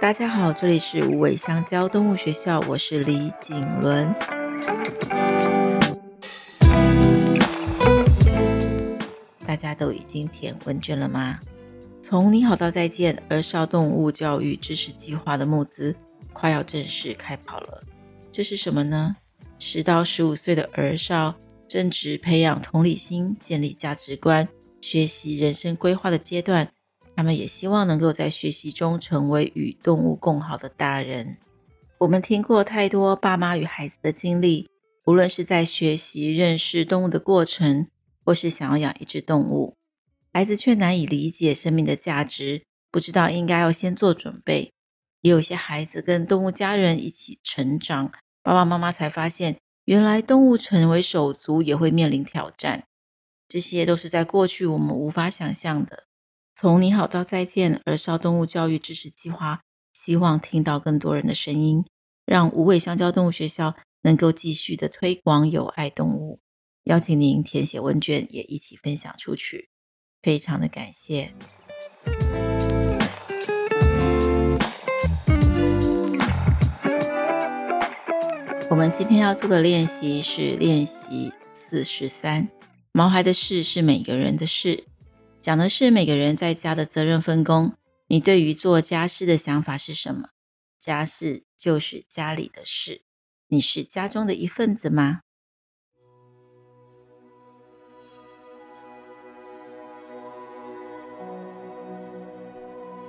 大家好，這裡是無尾香蕉動物學校，我是李瑾倫。大家都已經填問卷了嗎？從你好到再見，兒少動物教育支持計劃的募資快要正式開跑了。這是什麼呢？十到十五歲的兒少正值培養同理心、建立價值觀、學習人生規劃的階段。他們也希望能夠在學習中成為與動物共好的大人。我們聽過太多爸媽與孩子的經歷，無論是在學習認識動物的過程，或是想要養一隻動物，孩子卻難以理解生命的價值，不知道應該要先做準備。也有些孩子跟動物家人一起成長，爸爸媽媽才發現，原來動物成為手足也會面臨挑戰。這些都是在過去我們無法想象的。從你好到再見，兒少動物教育支持計劃希望聽到更多人的聲音，讓無尾香蕉動物學校能夠繼續的推廣友愛動物。邀請您填寫問卷，也一起分享出去，非常的感謝。我們今天要做的練習是練習四十三，毛孩的事是每個人的事。講的是每個人在家的責任分工。你對於做家事的想法是什麼？家事就是家裡的事。你是家中的一份子嗎？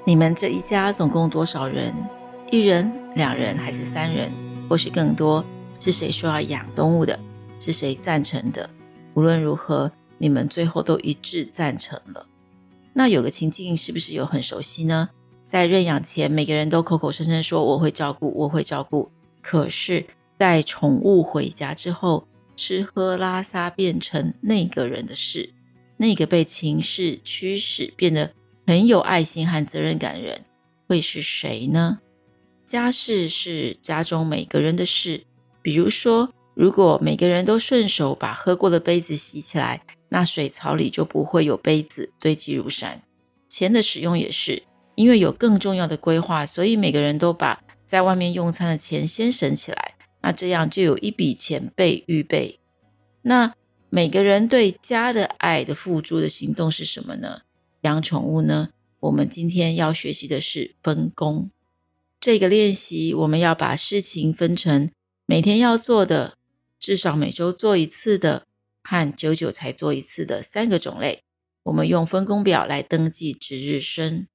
你們這一家總共多少人？一人、兩人還是三人？或是更多，是誰說要養動物的？是誰贊成的？無論如何，你們最後都一致贊成了。那有個情境，是不是又很熟悉呢？在認養前，每個人都口口聲聲說我會照顧，我會照顧。可是，在寵物回家之後，吃喝拉撒變成那個人的事。那個被情勢驅使變得很有愛心和責任感的人，會是誰呢？家事是家中每個人的事。比如說，如果每個人都順手把喝過的杯子洗起來。那水槽裡就不會有杯子堆積如山。錢的使用也是，因為有更重要的規劃，所以每個人都把在外面用餐的錢先省起來。那這樣就有一筆錢被預備。那每個人對家的愛的付諸的行動是什麼呢？養寵物呢？我們今天要學習的是分工。這個練習，我們要把事情分成每天要做的，至少每週做一次的，和久久才做一次的三個種類，我們用分工表來登記值日生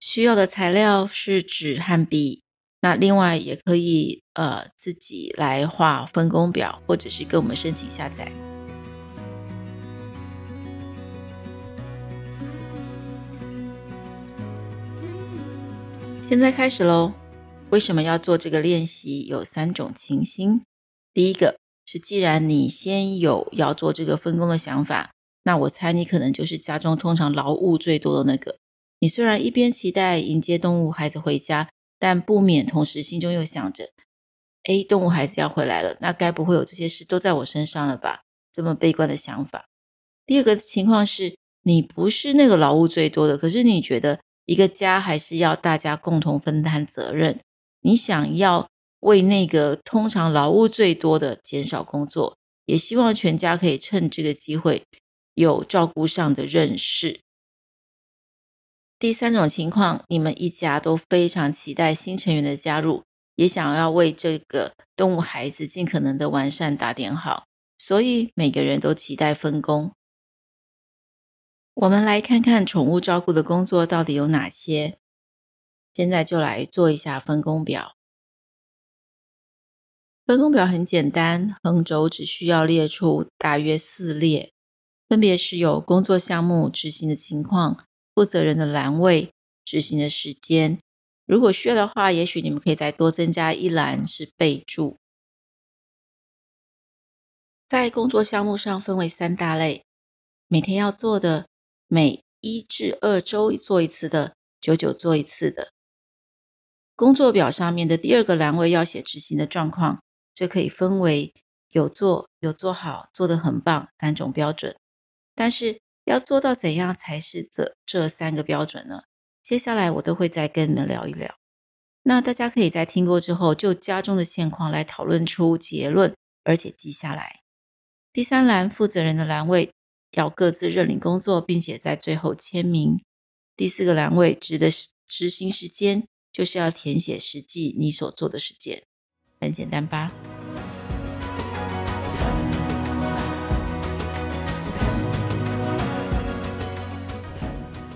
需要的材料是紙和筆，那另外也可以呃自己來畫分工表，或者是跟我們申請下載。現在開始嘍！為什麼要做這個練習？有三種情形，第一個。是，既然你先有要做這個分工的想法，那我猜你可能就是家中通常勞務最多的那個。你雖然一邊期待迎接動物孩子回家，但不免同時心中又想着，誒，動物孩子要回來了，那該不會有這些事都在我身上了吧？這麼悲觀的想法。第二個情況是，你不是那個勞務最多的，可是你覺得一個家還是要大家共同分擔責任，你想要。為那個通常勞務最多的減少工作，也希望全家可以趁這個機會有照顧上的認識。第三種情況，你們一家都非常期待新成員的加入，也想要為這個動物孩子盡可能的完善打點好，所以每個人都期待分工。我們來看看寵物照顧的工作到底有哪些。現在就來做一下分工表。分工表很簡單，橫軸只需要列出大約四列，分別是有工作項目執行的情況、負責人的欄位、執行的時間。如果需要的話，也許你們可以再多增加一欄是備註。在工作項目上分為三大類：每天要做的、每一至二週做一次的、久久做一次的。工作表上面的第二個欄位要寫執行的狀況。這可以分為有做、有做好、做得很棒三種標準，但是要做到怎樣才是這這三個標準呢？接下來我都會再跟你們聊一聊。那大家可以在聽過之後，就家中的現況來討論出結論，而且記下來。第三欄負責人的欄位要各自認領工作，並且在最後簽名。第四個欄位指的執行時間，就是要填寫實際你所做的時間。很簡單吧。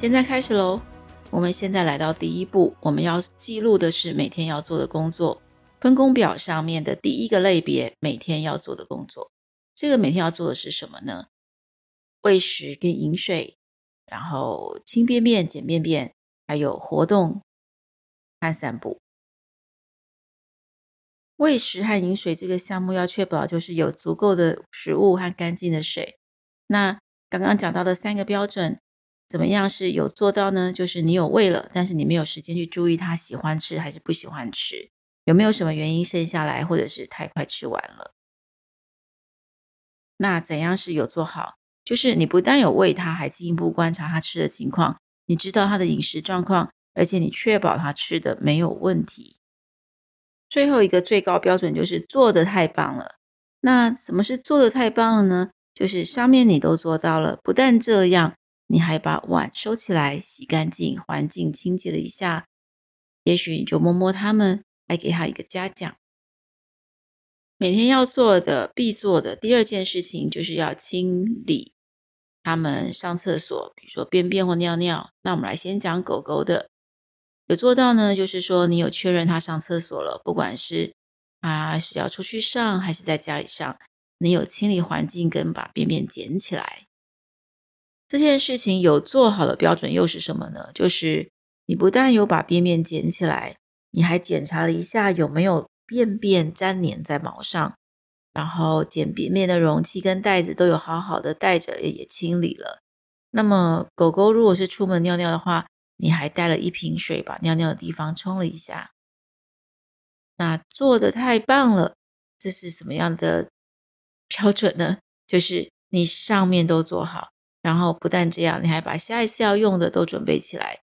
現在開始嘍。我們現在來到第一步，我們要記錄的是每天要做的工作分工表，上面的第一個類別：每天要做的工作。這個每天要做的是什麼呢？餵食跟飲水，然後清便便、撿便便，還有活動、看散步。餵食和飲水這個項目要確保，就是有足夠的食物和乾淨的水。那剛剛講到的三個標準，怎麼樣是有做到呢？就是你有餵了，但是你沒有時間去注意他喜歡吃還是不喜歡吃，有沒有什麼原因剩下來，或者是太快吃完了。那怎樣是有做好？就是你不但有餵他，還進一步觀察他吃的情況，你知道他的飲食狀況，而且你確保他吃的沒有問題。最後一個最高標準就是做得太棒了。那什麼是做得太棒了呢？就是上面你都做到了，不但這樣，你還把碗收起來，洗乾淨，環境清潔了一下。也許你就摸摸它們，來給它一個嘉獎。每天要做的、必做的第二件事情就是要清理它們上廁所，比如說便便或尿尿。那我們來先講狗狗的。有做到呢，就是說你有確認它上廁所了，不管是啊是要出去上還是在家裡上，你有清理環境跟把便便撿起來。這件事情有做好的標準又是什麼呢？就是你不但有把便便撿起來，你還檢查了一下有沒有便便沾黏在毛上，然後撿便便的容器跟袋子都有好好的帶着，也，也清理了。那麼狗狗如果是出門尿尿的話，你還帶了一瓶水，把尿尿的地方沖了一下。那做的太棒了！這是什麼樣的標準呢？就是你上面都做好，然後不但這樣，你還把下一次要用的都準備起來。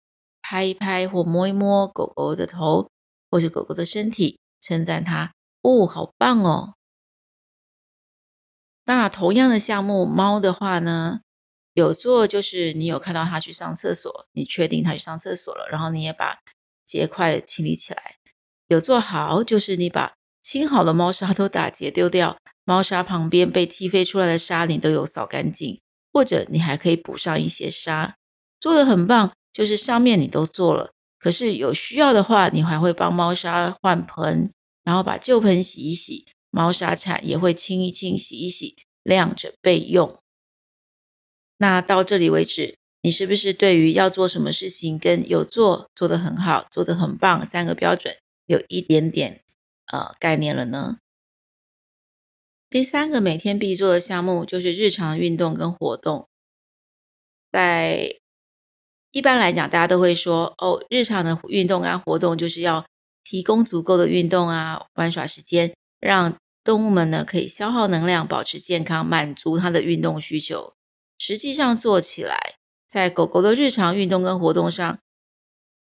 拍一拍或摸一摸狗狗的頭，或者狗狗的身體，稱讚它哦，好棒哦。那同樣的項目，貓的話呢？有做就是你有看到它去上廁所，你確定它去上廁所了，然後你也把結塊清理起來。有做好就是你把清好的貓砂都打結丟掉，貓砂旁邊被踢飛出來的沙你都有掃乾淨，或者你還可以補上一些沙。做得很棒，就是上面你都做了，可是有需要的話，你還會幫貓砂換盆，然後把舊盆洗一洗，貓砂鏟也會清一清、洗一洗，晾着備用。那到這裡為止，你是不是對於要做什麼事情、跟有做、做得很好、做得很棒三個標準有一點點呃概念了呢？第三個每天必做的項目就是日常運動跟活動。在一般來講，大家都會說哦，日常的運動跟活動就是要提供足夠的運動啊，玩耍時間，讓動物們呢可以消耗能量，保持健康，滿足它的運動需求。實際上做起來，在狗狗的日常運動跟活動上，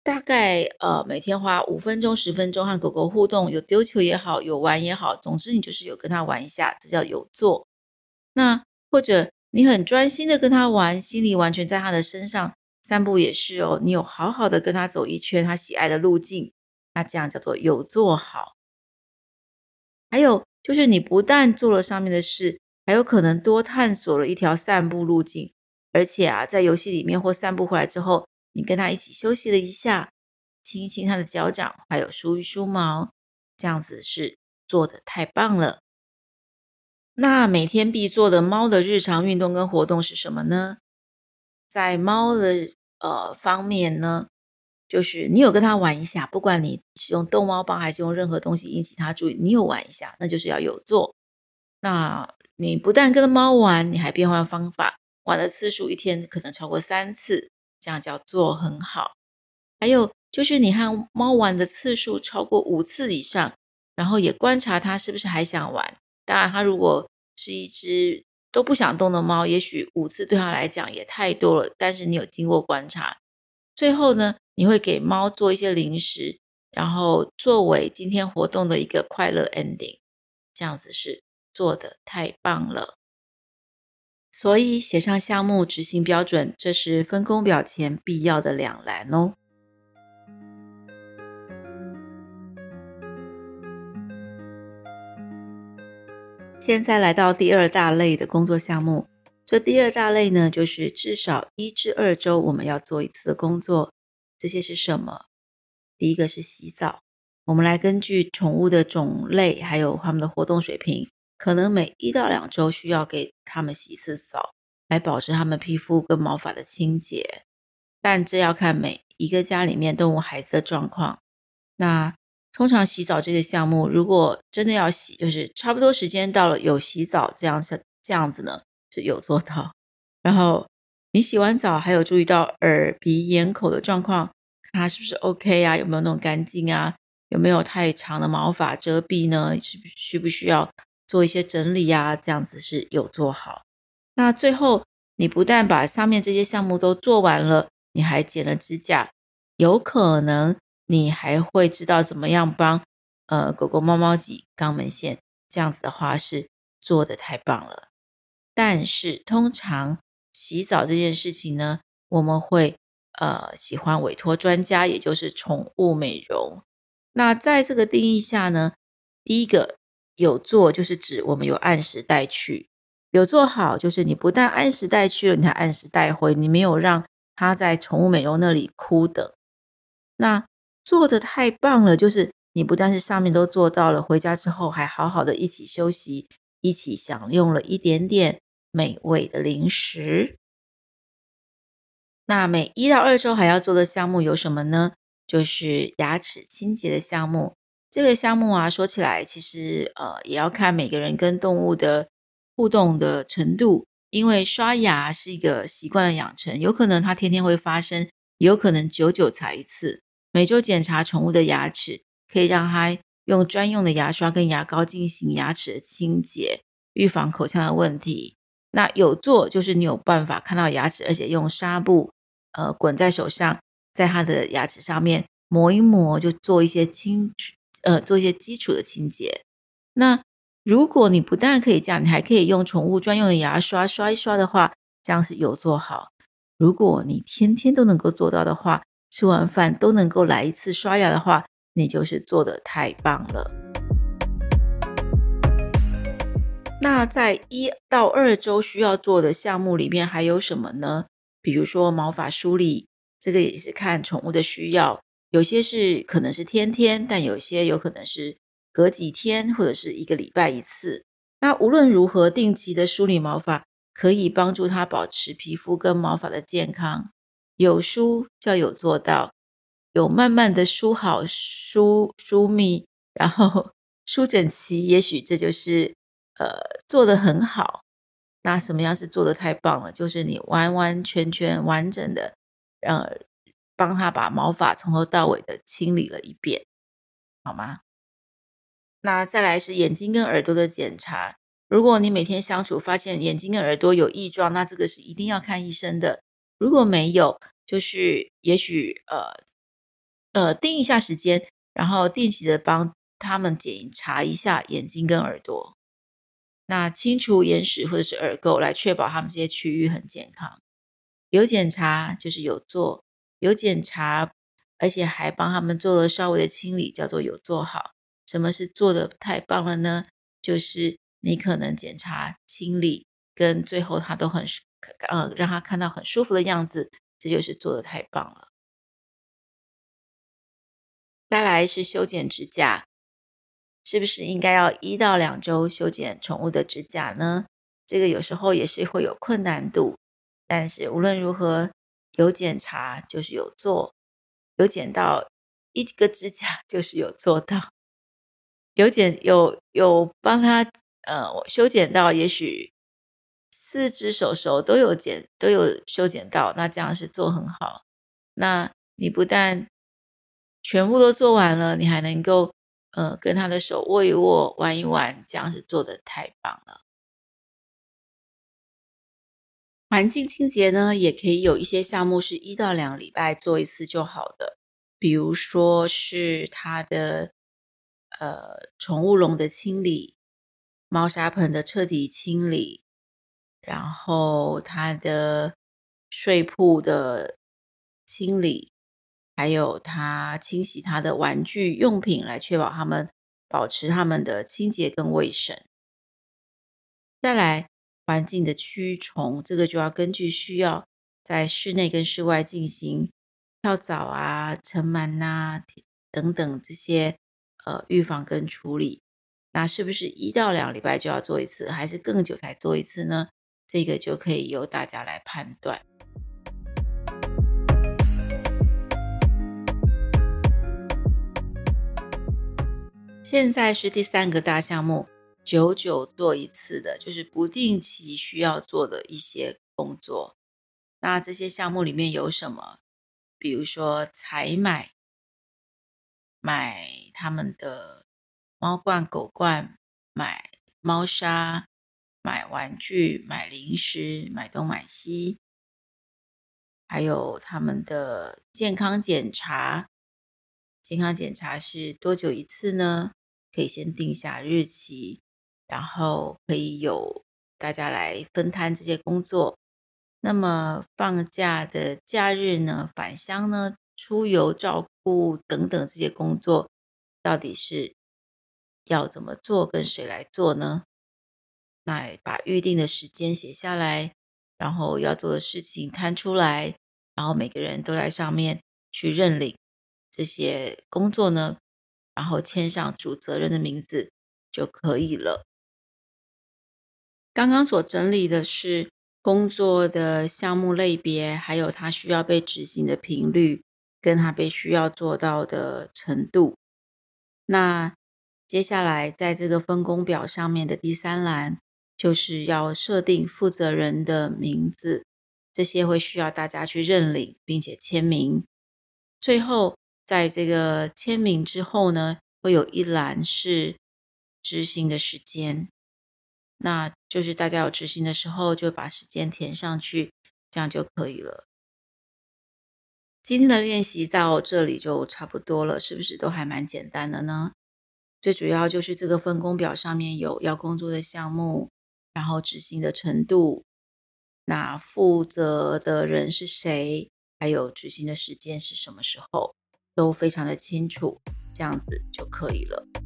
大概呃每天花五分鐘、十分鐘和狗狗互動，有丟球也好，有玩也好，總之你就是有跟他玩一下，這叫有做。那或者你很專心的跟他玩，心裡完全在他的身上，散步也是哦，你有好好的跟他走一圈，他喜愛的路徑，那這樣叫做有做好。還有就是你不但做了上面的事。還有可能多探索了一條散步路徑，而且啊，在遊戲裡面或散步回來之後，你跟他一起休息了一下，親一親他的腳掌，還有梳一梳毛，這樣子是做的太棒了。那每天必做的貓的日常運動跟活動是什麼呢？在貓的呃方面呢，就是你有跟他玩一下，不管你是用逗貓棒還是用任何東西引起他注意，你有玩一下，那就是要有做。那你不但跟貓玩，你還變換方法，玩的次數一天可能超過三次，這樣叫做很好。還有就是你和貓玩的次數超過五次以上，然後也觀察它是不是還想玩。當然，它如果是一隻都不想動的貓，也許五次對它來講也太多了。但是你有經過觀察，最後呢，你會給貓做一些零食，然後作為今天活動的一個快樂 ending。這樣子是。做的太棒了！所以寫上項目執行標準，這是分工表前必要的兩欄哦。現在來到第二大類的工作項目，這第二大類呢，就是至少一至二週我們要做一次的工作。這些是什麼？第一個是洗澡，我們來根據寵物的種類還有它們的活動水平。可能每一到兩周需要給他們洗一次澡，來保持他們皮膚跟毛髮的清潔，但這要看每一個家裡面動物孩子的狀況。那通常洗澡這個項目，如果真的要洗，就是差不多時間到了有洗澡這樣像這樣子呢，是有做到。然後你洗完澡，還有注意到耳鼻眼口的狀況，看它是不是 OK 啊？有沒有弄乾淨啊？有沒有太長的毛髮遮蔽呢？需需不需要？做一些整理呀，啊，這樣子是有做好。那最後，你不但把上面這些項目都做完了，你還剪了指甲，有可能你還會知道怎麼樣幫呃狗狗貓貓擠肛門腺，這樣子的話是做得太棒了。但是通常洗澡這件事情呢，我們會呃喜歡委托專家，也就是寵物美容。那在這個定義下呢，第一個。有做就是指我們有按時帶去，有做好就是你不但按時帶去了，你還按時帶回，你沒有讓它在寵物美容那裡苦等。那做的太棒了，就是你不但是上面都做到了，回家之後還好好的一起休息，一起享用了一點點美味的零食。那每一到二週還要做的項目有什麼呢？就是牙齒清潔的項目。這個項目啊，說起來其實呃，也要看每個人跟動物的互動的程度，因為刷牙是一個習慣的養成，有可能它天天會發生，有可能久久才一次。每周檢查寵物的牙齒，可以讓它用專用的牙刷跟牙膏進行牙齒的清潔，預防口腔的問題。那有做就是你有辦法看到牙齒，而且用紗布呃，滾在手上，在它的牙齒上面磨一磨，就做一些清潔。呃，做一些基礎的清潔。那如果你不但可以這樣，你還可以用寵物專用的牙刷刷一刷的話，這樣是有做好。如果你天天都能夠做到的話，吃完飯都能夠來一次刷牙的話，你就是做得太棒了。那在一到二周需要做的項目裡面，還有什麼呢？比如說毛髮梳理，這個也是看寵物的需要。有些是可能是天天，但有些有可能是隔幾天或者是一個禮拜一次。那無論如何，定期的梳理毛髮可以幫助它保持皮膚跟毛髮的健康。有梳就要有做到，有慢慢的梳好梳、梳梳密，然後梳整齊，也許這就是呃做得很好。那什麼樣是做得太棒了？就是你完完全全完整的讓。幫他把毛髮從頭到尾的清理了一遍，好嗎？那再來是眼睛跟耳朵的檢查。如果你每天相處發現眼睛跟耳朵有異狀，那這個是一定要看醫生的。如果沒有，就是也許呃呃定一下時間，然後定期的幫他們檢查一下眼睛跟耳朵。那清除眼屎或者是耳垢，來確保他們這些區域很健康。有檢查就是有做。有檢查，而且還幫他們做了稍微的清理，叫做有做好。什麼是做得太棒了呢？就是你可能檢查、清理跟最後他都很，呃，讓他看到很舒服的樣子，這就是做得太棒了。再來是修剪指甲，是不是應該要一到兩周修剪寵物的指甲呢？這個有時候也是會有困難度，但是無論如何。有檢查就是有做，有剪到一個指甲就是有做到，有剪有有幫他呃修剪到，也許四隻手手都有剪都有修剪到，那這樣是做很好。那你不但全部都做完了，你還能夠呃跟他的手握一握，玩一玩，這樣子做得太棒了。環境清潔呢，也可以有一些項目是一到兩禮拜做一次就好的，比如說是它的呃寵物籠的清理、貓砂盆的徹底清理，然後它的睡鋪的清理，還有它清洗它的玩具用品，來確保它們保持它們的清潔跟衛生。再來。環境的驅蟲，這個就要根據需要，在室內跟室外進行跳蚤啊、塵蟎吶等等這些呃預防跟處理。那是不是一到兩禮拜就要做一次，還是更久才做一次呢？這個就可以由大家來判斷。現在是第三個大項目。久久做一次的，就是不定期需要做的一些工作。那這些項目裡面有什麼？比如說採買，買他們的貓罐、狗罐，買貓砂、買玩具、買零食、買東買西，還有他們的健康檢查。健康檢查是多久一次呢？可以先定下日期。然後可以有大家來分攤這些工作。那麼放假的假日呢？返鄉呢？出遊、照顧等等這些工作，到底是要怎麼做？跟誰來做呢？那把預定的時間寫下來，然後要做的事情攤出來，然後每個人都在上面去認領這些工作呢，然後簽上主責任的名字就可以了。剛剛所整理的是工作的項目類別，還有它需要被執行的頻率，跟它被需要做到的程度。那接下來在這個分工表上面的第三欄，就是要設定負責人的名字，這些會需要大家去認領並且簽名。最後，在這個簽名之後呢，會有一欄是執行的時間。那就是大家有執行的時候，就把時間填上去，這樣就可以了。今天的練習到這裡就差不多了，是不是都還蠻簡單的呢？最主要就是這個分工表上面有要工作的項目，然後執行的程度，那負責的人是誰，還有執行的時間是什麼時候，都非常的清楚，這樣子就可以了。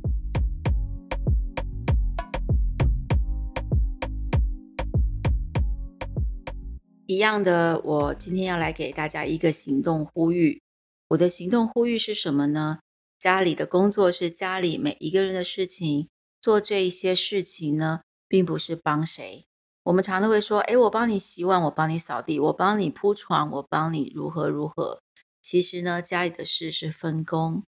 一樣的，我今天要來給大家一個行動呼籲。我的行動呼籲是什麼呢？家裡的工作是家裡每一個人的事情，做這一些事情呢，並不是幫誰。我們常常會說：“誒，我幫你洗碗，我幫你掃地，我幫你鋪床，我幫你如何如何。”其實呢，家裡的事是分工。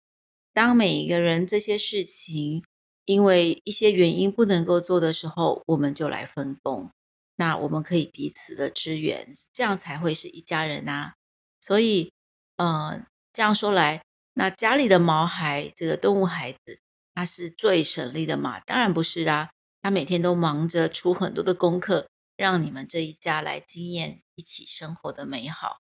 當每一個人這些事情因為一些原因不能夠做的時候，我們就來分工。那我們可以彼此的支援，這樣才會是一家人吶、啊。所以，嗯、呃，這樣說來，那家裡的毛孩這個動物孩子，他是最省力的嘛？當然不是啊，他每天都忙着出很多的功課，讓你們這一家來經驗一起生活的美好。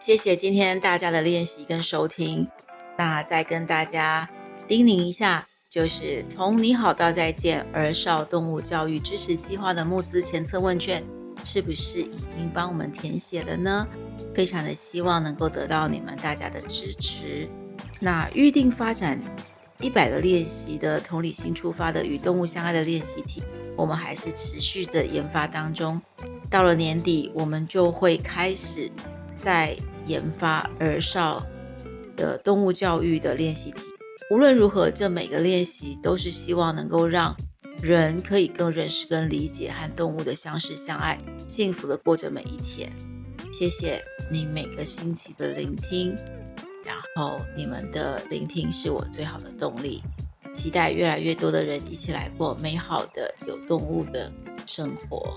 謝謝今天大家的練習跟收聽。那再跟大家叮嚀一下，就是從你好到再見兒少動物教育支持計劃的募資前測問卷，是不是已經幫我們填寫了呢？非常的希望能夠得到你們大家的支持。那預定發展一百個練習的同理心出發的與動物相愛的練習題，我們還是持續的研發當中。到了年底，我們就會開始再研發兒少。的動物教育的練習題，無論如何，這每個練習都是希望能夠讓人可以更認識、跟理解，和動物的相識、相愛，幸福的過着每一天。謝謝你每個星期的聆聽，然後你們的聆聽是我最好的動力。期待越來越多的人一起來過美好的有動物的生活。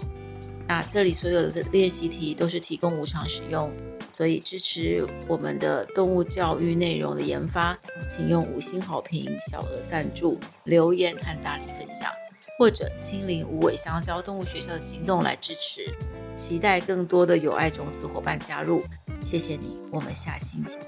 那這裡所有的練習題都是提供無償使用。所以支持我們的動物教育內容的研發，請用五星好評、小額贊助、留言和大力分享，或者親臨無尾香蕉動物學校的行動來支持。期待更多的有愛種子夥伴加入，謝謝你，我們下星期。